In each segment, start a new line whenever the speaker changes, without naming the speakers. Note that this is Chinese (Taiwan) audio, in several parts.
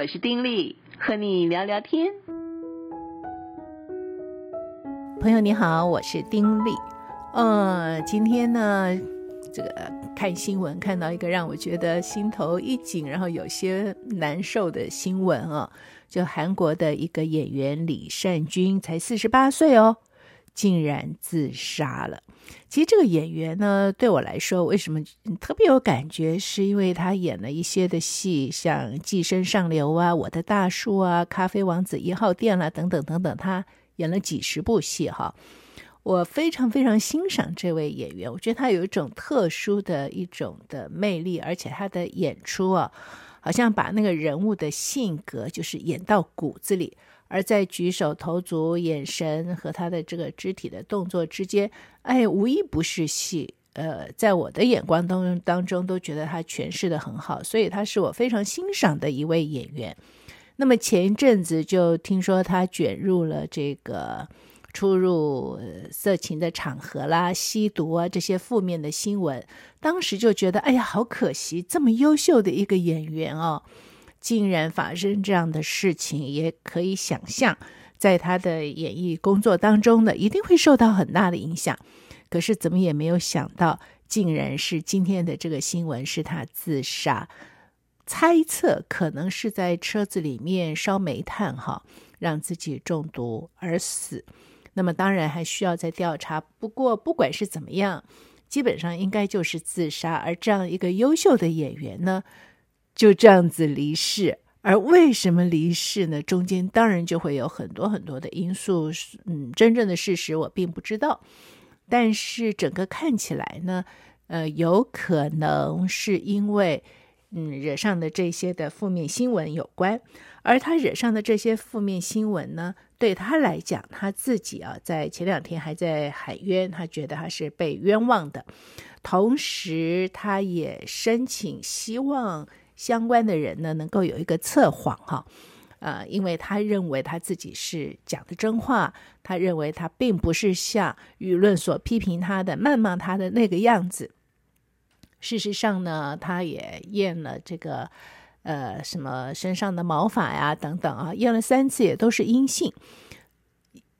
我是丁莉，和你聊聊天。朋友你好，我是丁莉。呃、嗯，今天呢，這個看新聞看到一個讓我覺得心頭一緊，然後有些難受的新聞啊、哦，就韓國的一個演員李善均，才四十八歲哦，竟然自殺了。其實這個演員呢，對我來說為什麼特別有感覺，是因為他演了一些的戲，像《寄生上流》啊，《我的大叔》啊，《咖啡王子一號店》啦，等等等等，他演了幾十部戲哈。我非常非常欣賞這位演員，我覺得他有一種特殊的、一種的魅力，而且他的演出啊，好像把那個人物的性格就是演到骨子裡。而在舉手投足、眼神和他的這個肢體的動作之間，哎，無一不是戲。呃，在我的眼光當，當中，都覺得他詮釋得很好，所以他是我非常欣賞的一位演員。那麼前一陣子就聽說他捲入了這個出入色情的場合啦、吸毒啊這些負面的新聞，當時就覺得，哎呀，好可惜，這麼優秀的一個演員啊、哦。竟然發生這樣的事情，也可以想象，在他的演藝工作當中的，一定會受到很大的影響。可是怎麼也沒有想到，竟然是今天的這個新聞是他自殺。猜測可能是在車子裡面燒煤炭，哈，讓自己中毒而死。那麼當然還需要再調查。不過不管是怎麼樣，基本上應該就是自殺。而這樣一個優秀的演員呢？就這樣子離世，而為什麼離世呢？中間當然就會有很多很多的因素。嗯，真正的事實我並不知道，但是整個看起來呢，呃，有可能是因為，嗯，惹上的這些的負面新聞有關。而他惹上的這些負面新聞呢，對他來講，他自己啊，在前兩天還在喊冤，他覺得他是被冤枉的。同時，他也申請希望。相關的人呢，能夠有一個測謊哈，啊、呃，因為他認為他自己是講的真話，他認為他並不是像輿論所批評他的、謾罵他的那個樣子。事實上呢，他也驗了這個，呃，什麼身上的毛髮呀等等啊，驗了三次也都是陰性，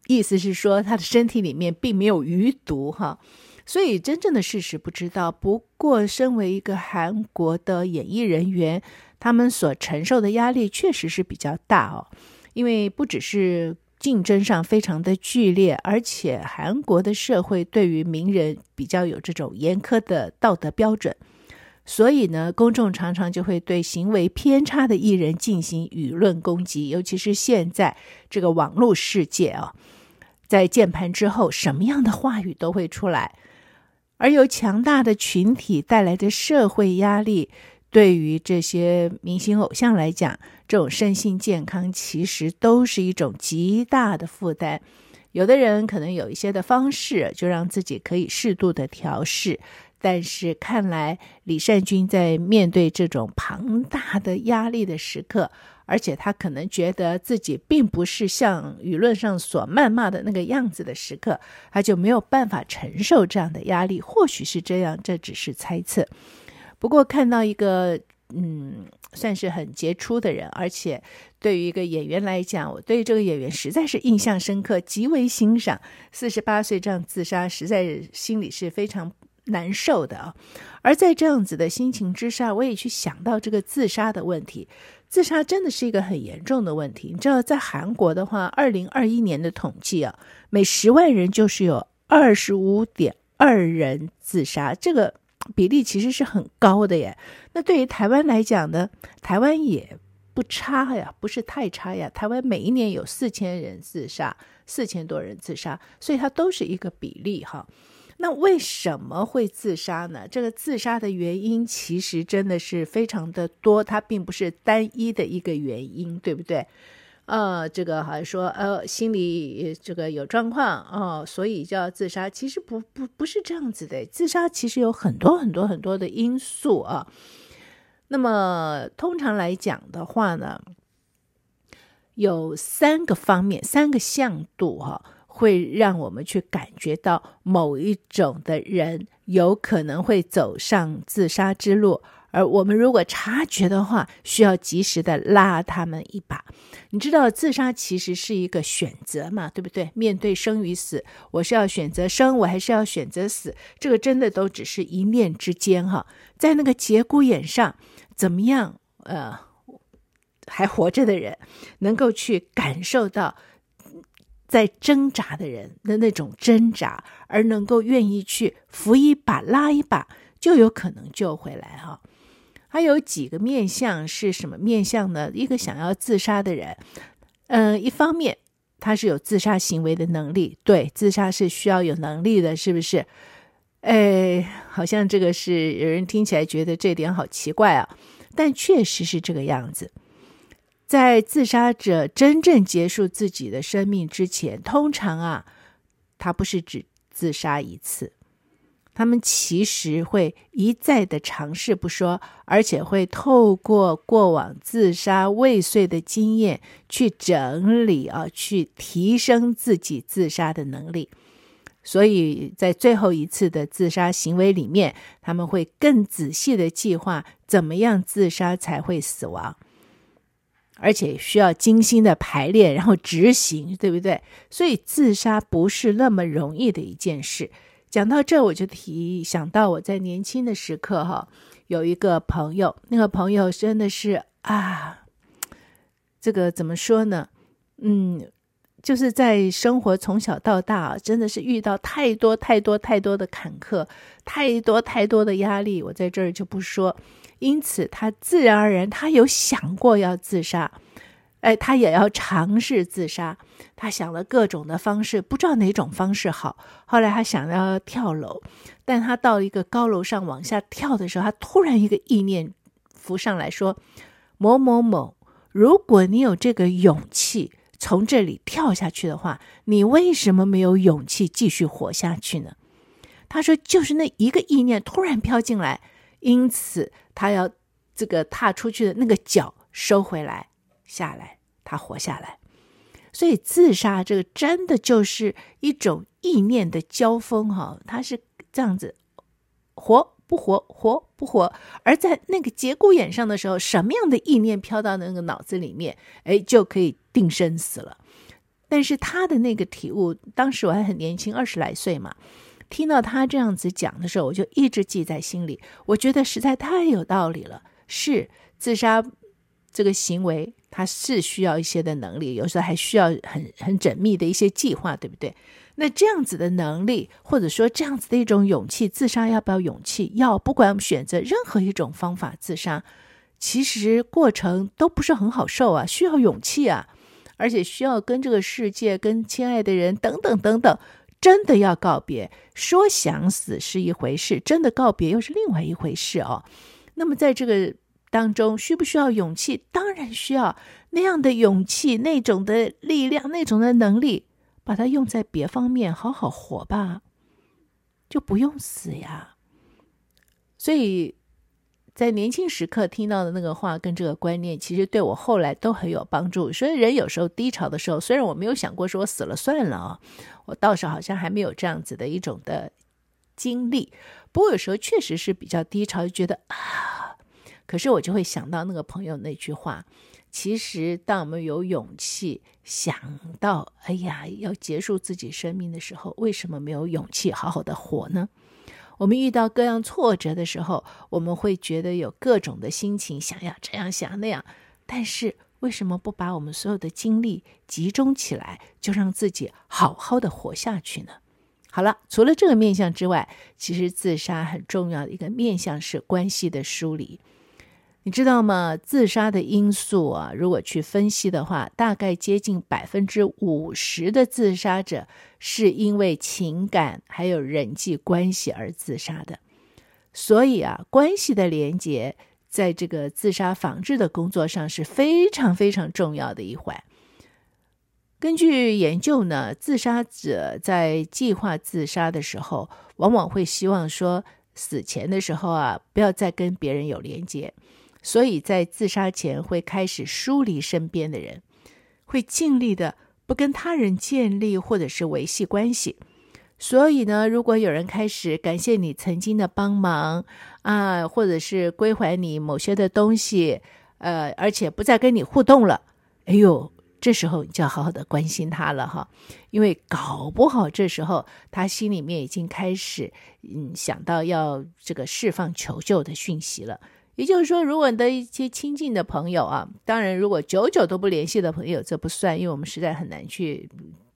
意思是說他的身體裡面並沒有餘毒哈。所以，真正的事實不知道。不過，身為一個韓國的演藝人員，他們所承受的壓力確實是比較大哦。因為不只是競爭上非常的劇烈，而且韓國的社會對於名人比較有這種嚴苛的道德標準，所以呢，公眾常常就會對行為偏差的藝人進行輿論攻擊，尤其是現在這個網絡世界啊，在鍵盤之後，什麼樣的話語都會出來。而由強大的群體帶來的社會壓力，對於這些明星偶像來講，這種身心健康其實都是一種極大的負擔。有的人可能有一些的方式，就讓自己可以適度的調試。但是看來，李善均在面對這種龐大的壓力的時刻。而且他可能覺得自己並不是像輿論上所謾罵的那個樣子的時刻，他就沒有辦法承受這樣的壓力。或許是這樣，這只是猜測。不過看到一個嗯，算是很傑出的人，而且對於一個演員來講，我對於這個演員實在是印象深刻，極為欣賞。四十八歲這樣自殺，實在是心裡是非常。難受的啊，而在這樣子的心情之下，我也去想到這個自殺的問題。自殺真的是一個很嚴重的問題。你知道，在韓國的話，二零二一年的統計啊，每十萬人就是有二十五點二人自殺，這個比例其實是很高的耶。那對於台灣來講呢，台灣也不差呀，不是太差呀。台灣每一年有四千人自殺，四千多人自殺，所以它都是一個比例哈。那為什麼會自殺呢？這個自殺的原因其實真的是非常的多，它並不是單一的一個原因，對不對？呃，這個好像說呃，心理這個有狀況啊、呃，所以就要自殺。其實不不不是這樣子的，自殺其實有很多很多很多的因素啊。那麼通常來講的話呢，有三個方面，三個向度哈、啊。會讓我們去感覺到某一種的人有可能會走上自殺之路，而我們如果察覺的話，需要及時的拉他們一把。你知道，自殺其實是一個選擇嘛，對不對？面對生與死，我是要選擇生，我還是要選擇死？這個真的都只是一念之間哈、哦，在那個節骨眼上，怎麼樣？呃，還活着的人能夠去感受到。在掙扎的人的那種掙扎，而能夠願意去扶一把、拉一把，就有可能救回來哈、啊。還有幾個面相是什麼面相呢？一個想要自殺的人，嗯，一方面他是有自殺行為的能力，對，自殺是需要有能力的，是不是？哎，好像這個是有人聽起來覺得這點好奇怪啊，但確實是這個樣子。在自殺者真正結束自己的生命之前，通常啊，他不是只自殺一次，他們其實會一再的嘗試不說，而且會透過過往自殺未遂的經驗去整理啊，去提升自己自殺的能力。所以在最後一次的自殺行為裡面，他們會更仔細的計劃怎麼樣自殺才會死亡。而且需要精心的排練，然後執行，對不對？所以自殺不是那麼容易的一件事。講到這，我就提想到我在年輕的時刻，哈，有一個朋友，那個朋友真的是啊，這個怎麼說呢？嗯，就是在生活從小到大啊，真的是遇到太多太多太多的坎坷，太多太多的壓力，我在這兒就不說。因此，他自然而然，他有想過要自殺，哎，他也要嘗試自殺，他想了各種的方式，不知道哪種方式好。後來，他想要跳樓，但他到了一個高樓上往下跳的時候，他突然一個意念浮上來說：“某某某，如果你有這個勇氣從這裡跳下去的話，你為什麼沒有勇氣繼續活下去呢？”他說：“就是那一個意念突然飄進來。”因此，他要這個踏出去的那個腳收回來，下來，他活下來。所以，自殺這個真的就是一種意念的交鋒哈、哦，他是這樣子，活不活，活不活。而在那個節骨眼上的時候，什麼樣的意念飄到那個腦子裡面，哎，就可以定生死了。但是他的那個體悟，當時我還很年輕，二十來歲嘛。聽到他這樣子講的時候，我就一直記在心裡。我覺得實在太有道理了。是自殺這個行為，它是需要一些的能力，有時候還需要很很縝密的一些計劃，對不對？那這樣子的能力，或者說這樣子的一種勇氣，自殺要不要勇氣？要。不管我們選擇任何一種方法自殺，其實過程都不是很好受啊，需要勇氣啊，而且需要跟這個世界、跟親愛的人等等等等。真的要告別，說想死是一回事，真的告別又是另外一回事哦。那麼在這個當中，需不需要勇氣？當然需要那樣的勇氣、那種的力量、那種的能力，把它用在別方面，好好活吧，就不用死呀。所以。在年輕時刻聽到的那個話，跟這個觀念，其實對我後來都很有幫助。所以人有時候低潮的時候，雖然我沒有想過說我死了算了啊、哦，我倒是好像還沒有這樣子的一種的經歷。不過有時候確實是比較低潮，就覺得啊，可是我就會想到那個朋友那句話：其實當我們有勇氣想到哎呀要結束自己生命的時候，為什麼沒有勇氣好好的活呢？我們遇到各樣挫折的時候，我們會覺得有各種的心情，想要這樣想那樣。但是為什麼不把我們所有的精力集中起來，就讓自己好好的活下去呢？好了，除了這個面向之外，其實自殺很重要的一個面向是關係的疏離。你知道嗎？自殺的因素啊，如果去分析的話，大概接近百分之五十的自殺者是因為情感還有人際關係而自殺的。所以啊，關係的連接在這個自殺防治的工作上是非常非常重要的一環。根據研究呢，自殺者在計劃自殺的時候，往往會希望說死前的時候啊，不要再跟別人有連接。所以在自殺前會開始疏離身邊的人，會盡力的不跟他人建立或者是維繫關係。所以呢，如果有人開始感謝你曾經的幫忙啊，或者是歸還你某些的東西，呃，而且不再跟你互動了，哎呦，這時候你就要好好的關心他了哈，因為搞不好這時候他心裡面已經開始嗯想到要這個釋放求救的訊息了。也就是說，如果你的一些親近的朋友啊，當然，如果久久都不聯繫的朋友，這不算，因為我們實在很難去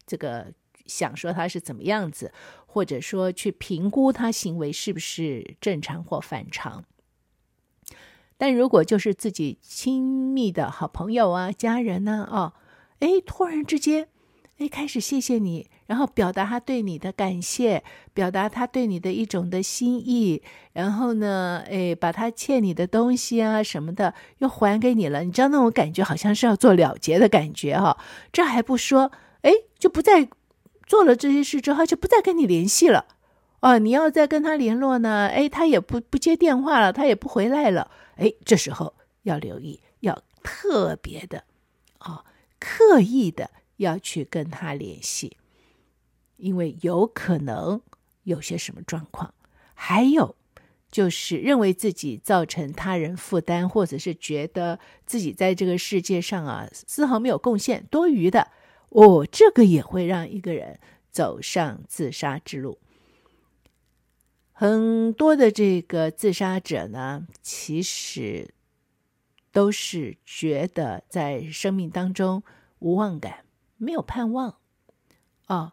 這個想說他是怎麼樣子，或者說去評估他行為是不是正常或反常。但如果就是自己親密的好朋友啊、家人呢、啊，哦，哎，突然之間，哎，開始謝謝你。然後表達他對你的感謝，表達他對你的一種的心意，然後呢，哎，把他欠你的東西啊什麼的又還給你了，你知道那種感覺好像是要做了結的感覺哈。這還不說，哎，就不再做了這些事之後就不再跟你聯繫了，哦，你要再跟他聯絡呢，哎，他也不不接電話了，他也不回來了，哎，這時候要留意，要特別的哦，刻意的要去跟他聯繫。因為有可能有些什麼狀況，還有就是認為自己造成他人負擔，或者是覺得自己在這個世界上啊絲毫沒有貢獻，多餘的哦，這個也會讓一個人走上自殺之路。很多的這個自殺者呢，其實都是覺得在生命當中無望感，沒有盼望啊。哦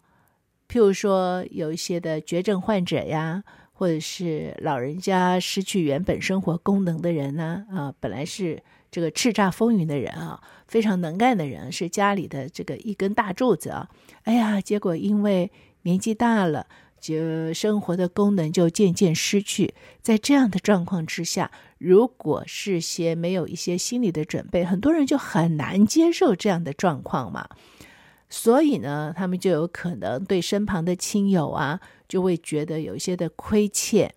譬如說，有一些的絕症患者呀，或者是老人家失去原本生活功能的人呢，啊，本來是這個叱咤風雲的人啊，非常能幹的人，是家裡的這個一根大柱子啊。哎呀，結果因為年紀大了，就生活的功能就漸漸失去。在這樣的狀況之下，如果是些沒有一些心理的準備，很多人就很難接受這樣的狀況嘛。所以呢，他們就有可能對身旁的親友啊，就會覺得有一些的虧欠，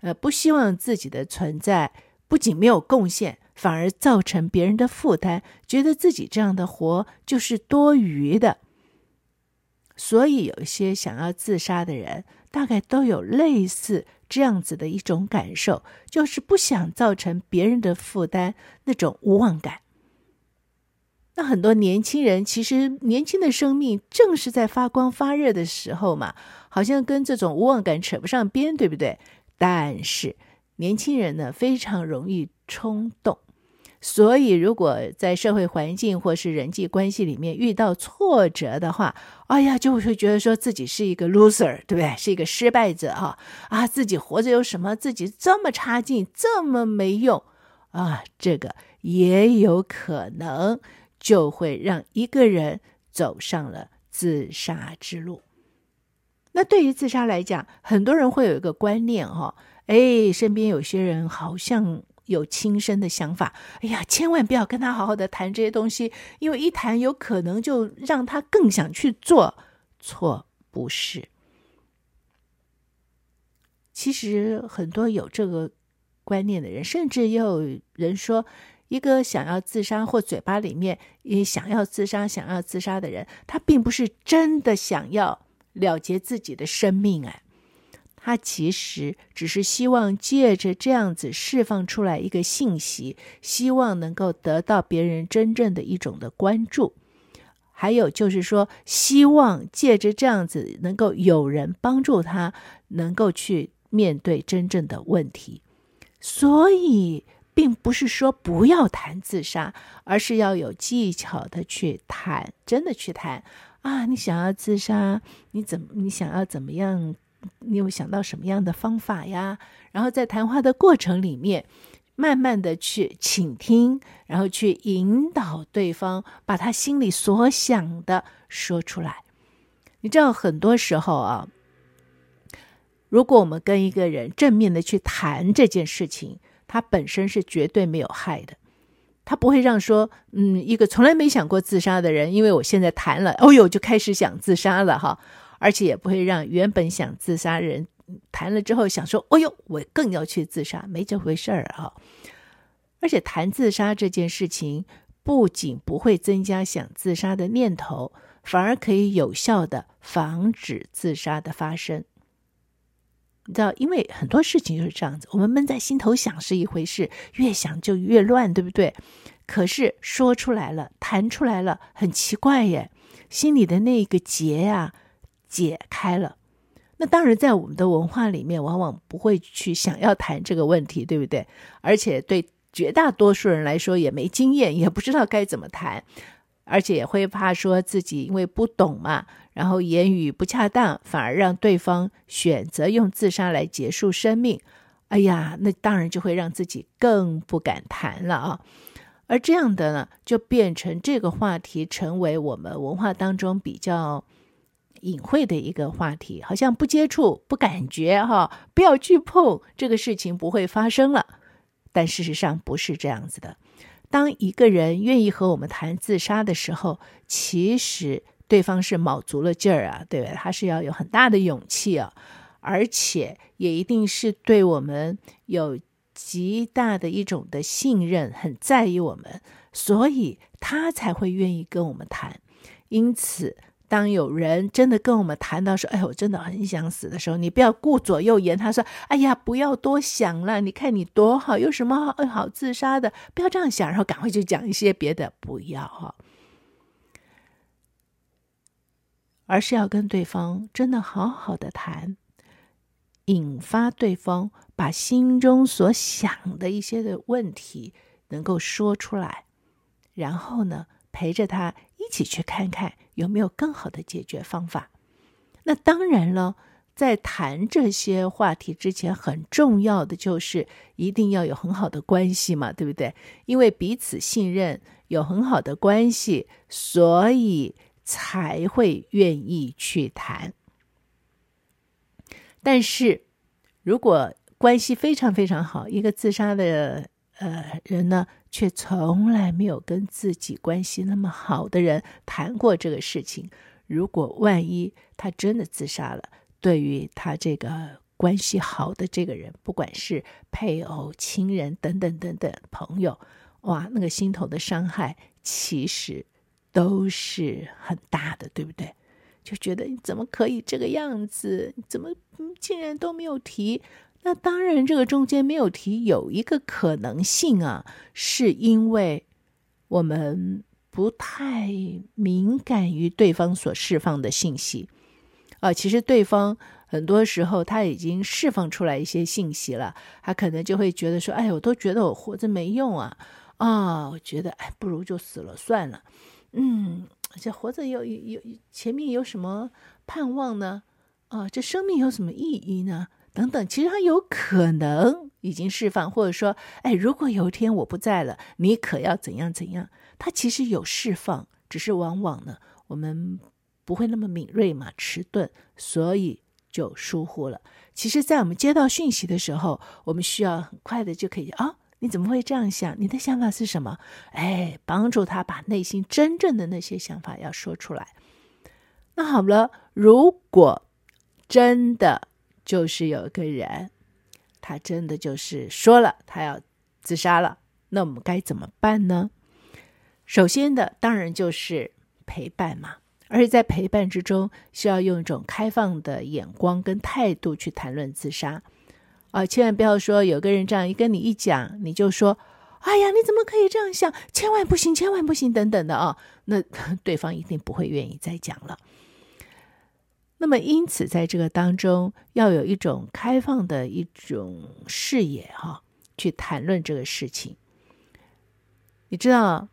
呃，不希望自己的存在不僅沒有貢獻，反而造成別人的負擔，覺得自己這樣的活就是多餘的。所以，有一些想要自殺的人，大概都有類似這樣子的一種感受，就是不想造成別人的負擔，那種無望感。那很多年輕人其實年輕的生命正是在發光發熱的時候嘛，好像跟這種無望感扯不上邊，對不對？但是年輕人呢，非常容易衝動，所以如果在社會環境或是人際關係裡面遇到挫折的話，哎呀，就會、是、覺得說自己是一個 loser，對不對？是一個失敗者啊！啊，自己活着有什麼？自己這麼差勁，這麼沒用啊！這個也有可能。就會讓一個人走上了自殺之路。那對於自殺來講，很多人會有一個觀念，哦，哈，哎，身邊有些人好像有輕生的想法，哎呀，千萬不要跟他好好的談這些東西，因為一談有可能就讓他更想去做。錯，不是。其實很多有這個觀念的人，甚至也有人說。一個想要自殺或嘴巴裡面也想要自殺，想要自殺的人，他並不是真的想要了結自己的生命，啊，哎，他其實只是希望借着這樣子釋放出來一個信息，希望能夠得到別人真正的一種的關注，還有就是說，希望借着這樣子能夠有人幫助他，能夠去面對真正的問題，所以。並不是說不要談自殺，而是要有技巧的去談，真的去談。啊，你想要自殺，你怎麼？你想要怎麼樣？你有想到什麼樣的方法呀？然後在談話的過程裡面，慢慢的去傾聽，然後去引導對方把他心裡所想的說出來。你知道很多時候啊，如果我們跟一個人正面的去談這件事情，他本身是絕對沒有害的，他不會讓說，嗯，一個從來沒想過自殺的人，因為我現在談了，哦呦，就開始想自殺了哈，而且也不會讓原本想自殺的人談了之後想說，哦呦，我更要去自殺，沒這回事兒哈。而且談自殺這件事情，不僅不會增加想自殺的念頭，反而可以有效的防止自殺的發生。你知道，因為很多事情就是這樣子，我們悶在心頭想是一回事，越想就越亂，對不對？可是說出來了，談出來了，很奇怪耶，心裡的那個結呀，解開了。那當然，在我們的文化裡面，往往不會去想要談這個問題，對不對？而且對絕大多數人來說，也沒經驗，也不知道該怎麼談。而且也會怕說自己因為不懂嘛，然後言語不恰當，反而讓對方選擇用自殺來結束生命。哎呀，那當然就會讓自己更不敢談了啊。而這樣的呢，就變成這個話題成為我們文化當中比較隱晦的一個話題，好像不接觸不感覺哈、哦，不要去碰這個事情不會發生了。但事實上不是這樣子的。當一個人願意和我們談自殺的時候，其實對方是卯足了勁兒啊，對不對？他是要有很大的勇氣啊，而且也一定是對我們有極大的一種的信任，很在意我們，所以他才會願意跟我們談。因此。當有人真的跟我們談到說：“哎呦，我真的很想死的時候，你不要顧左右而言。”他說：“哎呀，不要多想了，你看你多好，有什麼好自殺的？不要這樣想，然後趕快去講一些別的，不要哈，而是要跟對方真的好好的談，引發對方把心中所想的一些的問題能夠說出來，然後呢，陪着他。”一起去看看有沒有更好的解決方法。那當然了，在談這些話題之前，很重要的就是一定要有很好的關係嘛，對不對？因為彼此信任，有很好的關係，所以才會願意去談。但是如果關係非常非常好，一個自殺的。呃，人呢，卻從來沒有跟自己關係那麼好的人談過這個事情。如果萬一他真的自殺了，對於他這個關係好的這個人，不管是配偶、親人等等等等朋友，哇，那個心頭的傷害其實都是很大的，對不對？就覺得你怎麼可以這個樣子？你怎麼竟然都沒有提？那當然，這個中間沒有提有一個可能性啊，是因為我們不太敏感於對方所釋放的信息。啊，其實對方很多時候他已經釋放出來一些信息了，他可能就會覺得說：“哎，我都覺得我活着沒用啊啊，我覺得哎，不如就死了算了。”嗯，這活着有有前面有什麼盼望呢？啊，這生命有什麼意義呢？等等，其實他有可能已經釋放，或者說，哎，如果有一天我不在了，你可要怎樣怎樣？他其實有釋放，只是往往呢，我們不會那麼敏銳嘛，遲鈍，所以就疏忽了。其實在我們接到訊息的時候，我們需要很快的就可以，啊，你怎麼會這樣想？你的想法是什麼？哎，幫助他把內心真正的那些想法要說出來。那好了，如果真的。就是有一個人，他真的就是說了，他要自殺了。那我們該怎麼辦呢？首先的當然就是陪伴嘛，而且在陪伴之中，需要用一種開放的眼光跟態度去談論自殺啊！千萬不要說有個人這樣一跟你一講，你就說：“哎呀，你怎麼可以這樣想？千萬不行，千萬不行！”等等的啊，那對方一定不會願意再講了。那麼，因此，在這個當中，要有一種開放的一種視野啊，哈，去談論這個事情。你知道，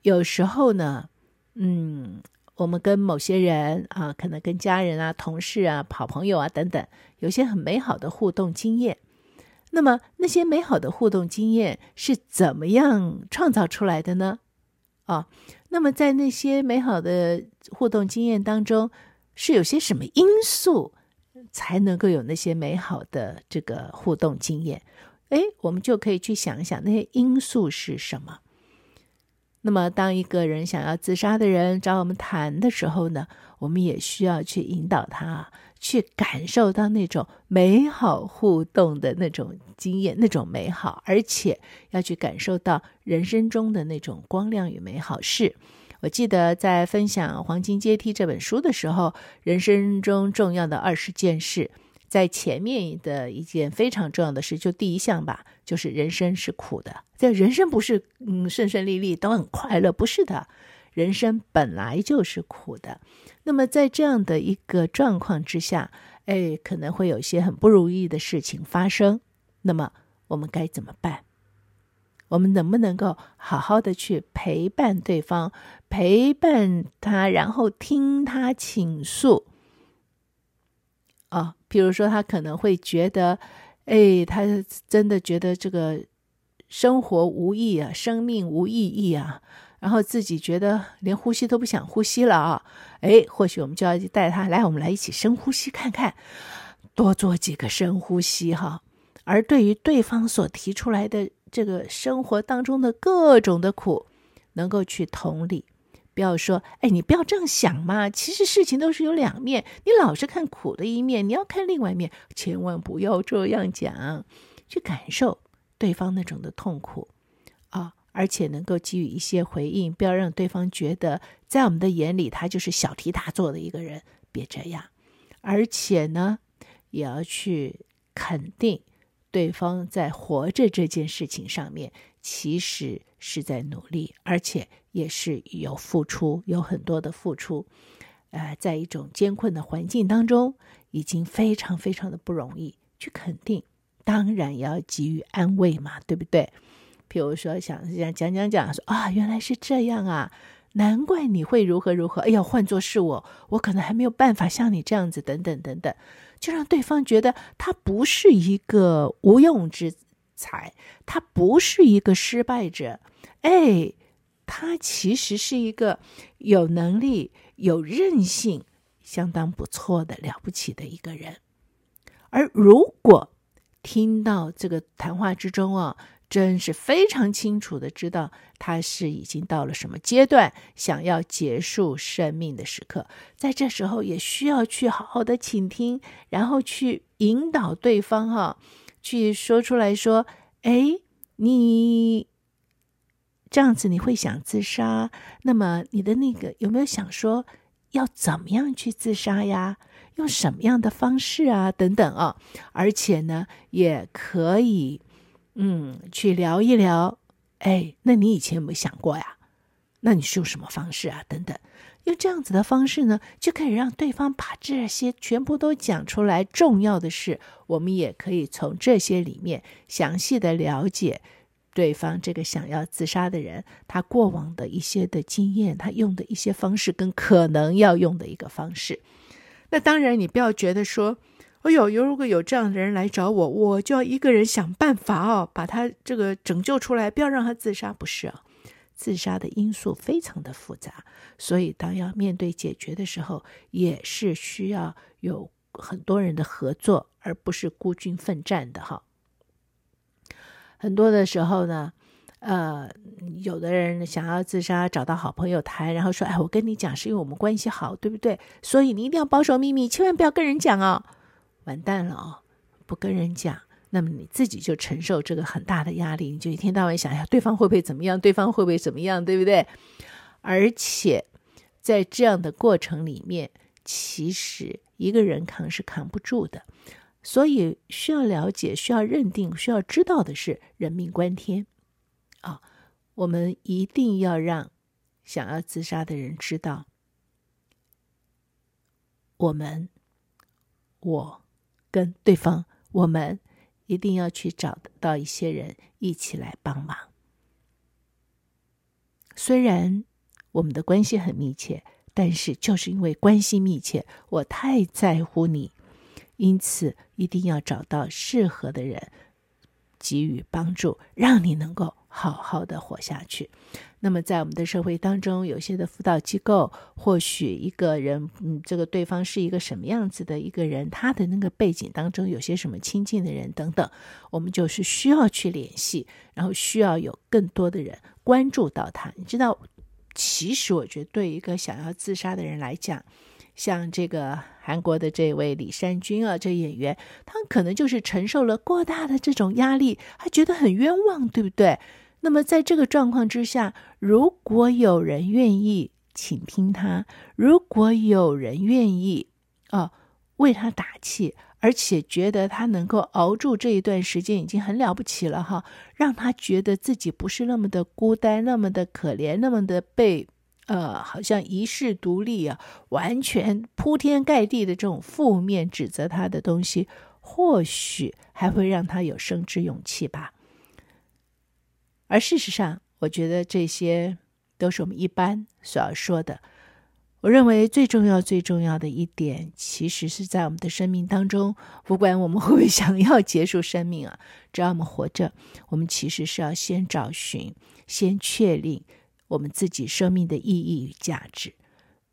有時候呢，嗯，我們跟某些人啊，可能跟家人啊、同事啊、好朋友啊等等，有些很美好的互動經驗。那麼，那些美好的互動經驗是怎麼樣創造出來的呢？啊，那麼在那些美好的互動經驗當中。是有些什麼因素才能夠有那些美好的這個互動經驗？誒，我們就可以去想一想那些因素是什麼。那麼，當一個人想要自殺的人找我們談的時候呢，我們也需要去引導他、啊、去感受到那種美好互動的那種經驗，那種美好，而且要去感受到人生中的那種光亮與美好事。我記得在分享《黃金階梯》這本書的時候，人生中重要的二十件事，在前面的一件非常重要的事，就第一項吧，就是人生是苦的。這人生不是嗯順順利利都很快樂，不是的，人生本來就是苦的。那麼在這樣的一個狀況之下，哎，可能會有一些很不如意的事情發生。那麼我們該怎麼辦？我們能不能夠好好的去陪伴對方，陪伴他，然後聽他傾訴啊。哦，比如說，他可能會覺得，哎，他真的覺得這個生活無意義啊，生命無意義啊，然後自己覺得連呼吸都不想呼吸了啊，哎，或許我們就要帶他來，我們來一起深呼吸看看，多做幾個深呼吸哈。而對於對方所提出來的。這個生活當中的各種的苦，能夠去同理，不要說，哎，你不要這樣想嘛。其實事情都是有兩面，你老是看苦的一面，你要看另外一面，千萬不要這樣講。去感受對方那種的痛苦啊、哦，而且能夠給予一些回應，不要讓對方覺得在我們的眼裡他就是小題大做的一個人，別這樣。而且呢，也要去肯定。對方在活着這件事情上面，其實是在努力，而且也是有付出，有很多的付出。呃，在一種艱困的環境當中，已經非常非常的不容易。去肯定，當然也要給予安慰嘛，對不對？比如說想，想想講講講，說啊、哦，原來是這樣啊。難怪你會如何如何。哎呀，換作是我，我可能還沒有辦法像你這樣子，等等等等，就讓對方覺得他不是一個無用之才，他不是一個失敗者，哎，他其實是一個有能力、有韌性、相當不錯的、了不起的一個人。而如果聽到這個談話之中啊。真是非常清楚的知道他是已經到了什麼階段，想要結束生命的時刻。在這時候也需要去好好的傾聽，然後去引導對方哈、啊，去說出來說：“哎，你這樣子你會想自殺？那麼你的那個有沒有想說要怎麼樣去自殺呀？用什麼樣的方式啊？等等啊！而且呢，也可以。”嗯，去聊一聊，哎，那你以前有沒有想過呀？那你是用什麼方式啊？等等，用這樣子的方式呢，就可以讓對方把這些全部都講出來。重要的是，我們也可以從這些裡面詳細地了解對方這個想要自殺的人，他過往的一些的經驗，他用的一些方式，跟可能要用的一個方式。那當然，你不要覺得說。哎呦，有如果有這樣的人來找我，我就要一個人想辦法哦，把他這個拯救出來，不要讓他自殺，不是啊？自殺的因素非常的複雜，所以當要面對解決的時候，也是需要有很多人的合作，而不是孤軍奮戰的哈。很多的時候呢，呃，有的人想要自殺，找到好朋友談，然後說：“哎，我跟你講，是因為我們關係好，對不對？所以你一定要保守秘密，千萬不要跟人講哦。”完蛋了啊、哦！不跟人講，那麼你自己就承受這個很大的壓力，你就一天到晚想呀，對方會不會怎麼樣？對方會不會怎麼樣？對不對？而且在這樣的過程裡面，其實一個人扛是扛不住的，所以需要了解、需要認定、需要知道的是，人命關天啊、哦！我們一定要讓想要自殺的人知道，我們我。跟對方，我們一定要去找到一些人一起來幫忙。雖然我們的關係很密切，但是就是因為關係密切，我太在乎你，因此一定要找到適合的人給予幫助，讓你能夠好好的活下去。那麼，在我們的社會當中，有些的輔導機構，或許一個人，嗯，這個對方是一個什麼樣子的一個人，他的那個背景當中有些什麼親近的人等等，我們就是需要去聯繫，然後需要有更多的人關注到他。你知道，其實我覺得，對一個想要自殺的人來講，像這個韓國的這位李善均啊，這個、演員，他可能就是承受了過大的這種壓力，還覺得很冤枉，對不對？那麼，在這個狀況之下，如果有人願意傾聽他，如果有人願意啊、呃、為他打氣，而且覺得他能夠熬住這一段時間已經很了不起了哈，讓他覺得自己不是那麼的孤單，那麼的可憐，那麼的被呃好像遺世獨立啊，完全鋪天蓋地的這種負面指責他的東西，或許還會讓他有生之勇氣吧。而事實上，我覺得這些都是我們一般所要說的。我認為最重要、最重要的一點，其實是在我們的生命當中，不管我們會不會想要結束生命啊，只要我們活着，我們其實是要先找尋、先確定我們自己生命的意義與價值。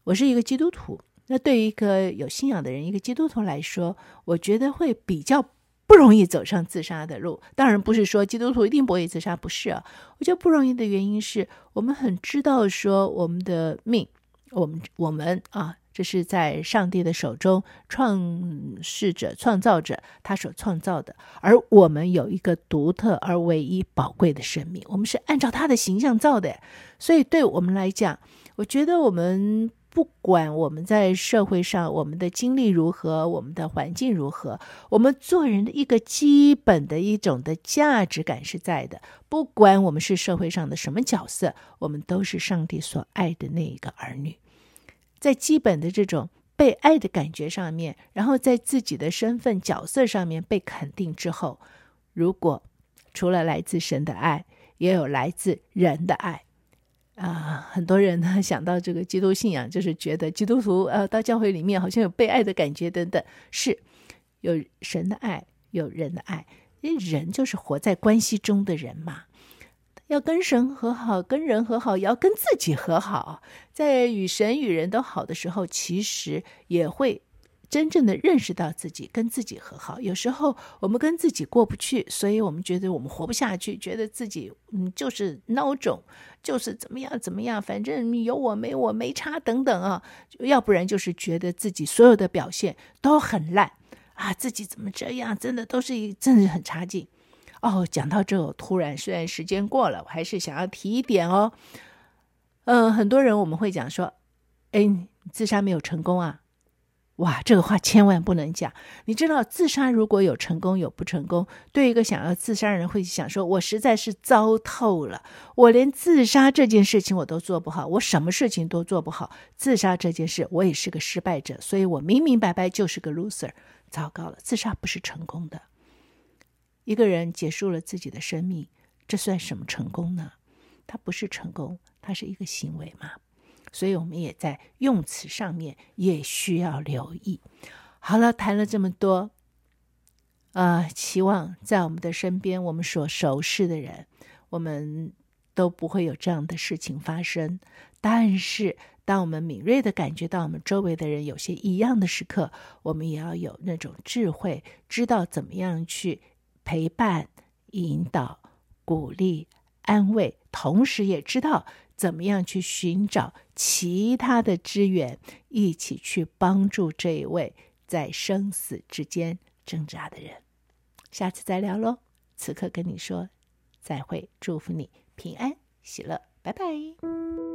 我是一個基督徒，那對於一個有信仰的人，一個基督徒來說，我覺得會比較。不容易走上自殺的路，當然不是說基督徒一定不會自殺，不是啊。我覺得不容易的原因是我們很知道說我們的命，我們我們啊，這是在上帝的手中，創世者、創造者他所創造的，而我們有一個獨特而唯一寶貴的生命，我們是按照他的形象造的，所以對我們來講，我覺得我們。不管我們在社會上我們的經歷如何，我們的環境如何，我們做人的一個基本的一種的價值感是在的。不管我們是社會上的什麼角色，我們都是上帝所愛的那一個兒女。在基本的這種被愛的感覺上面，然後在自己的身份角色上面被肯定之後，如果除了來自神的愛，也有來自人的愛。啊，很多人呢想到這個基督信仰，就是覺得基督徒呃到教會裡面好像有被愛的感覺等等，是有神的愛，有人的愛，因為人就是活在關係中的人嘛，要跟神和好，跟人和好，也要跟自己和好，在與神與人都好的時候，其實也會。真正的認識到自己，跟自己和好。有時候我們跟自己過不去，所以我們覺得我們活不下去，覺得自己嗯就是孬種，就是怎麼樣怎麼樣，反正有我沒我沒差等等啊。要不然就是覺得自己所有的表現都很爛啊，自己怎麼這樣，真的都是一真的很差勁。哦，講到這，我突然雖然時間過了，我還是想要提一點哦。嗯、呃，很多人我們會講說，哎，你自殺沒有成功啊。哇，這個話千萬不能講。你知道，自殺如果有成功，有不成功。對一個想要自殺的人，會想說：“我實在是糟透了，我連自殺這件事情我都做不好，我什麼事情都做不好，自殺這件事我也是個失敗者，所以我明明白白就是個 loser。”糟糕了，自殺不是成功的。一個人結束了自己的生命，這算什麼成功呢？他不是成功，他是一個行為嘛。所以，我們也在用詞上面也需要留意。好了，談了這麼多，呃，期望在我們的身邊，我們所熟識的人，我們都不會有這樣的事情發生。但是，當我們敏銳地感覺到我們周圍的人有些異樣的時刻，我們也要有那種智慧，知道怎麼樣去陪伴、引導、鼓勵、安慰，同時也知道，怎麼樣去尋找其他的支援，一起去幫助這一位在生死之間掙扎的人。下次再聊嘍，此刻跟你說，再會，祝福你平安喜樂，拜拜。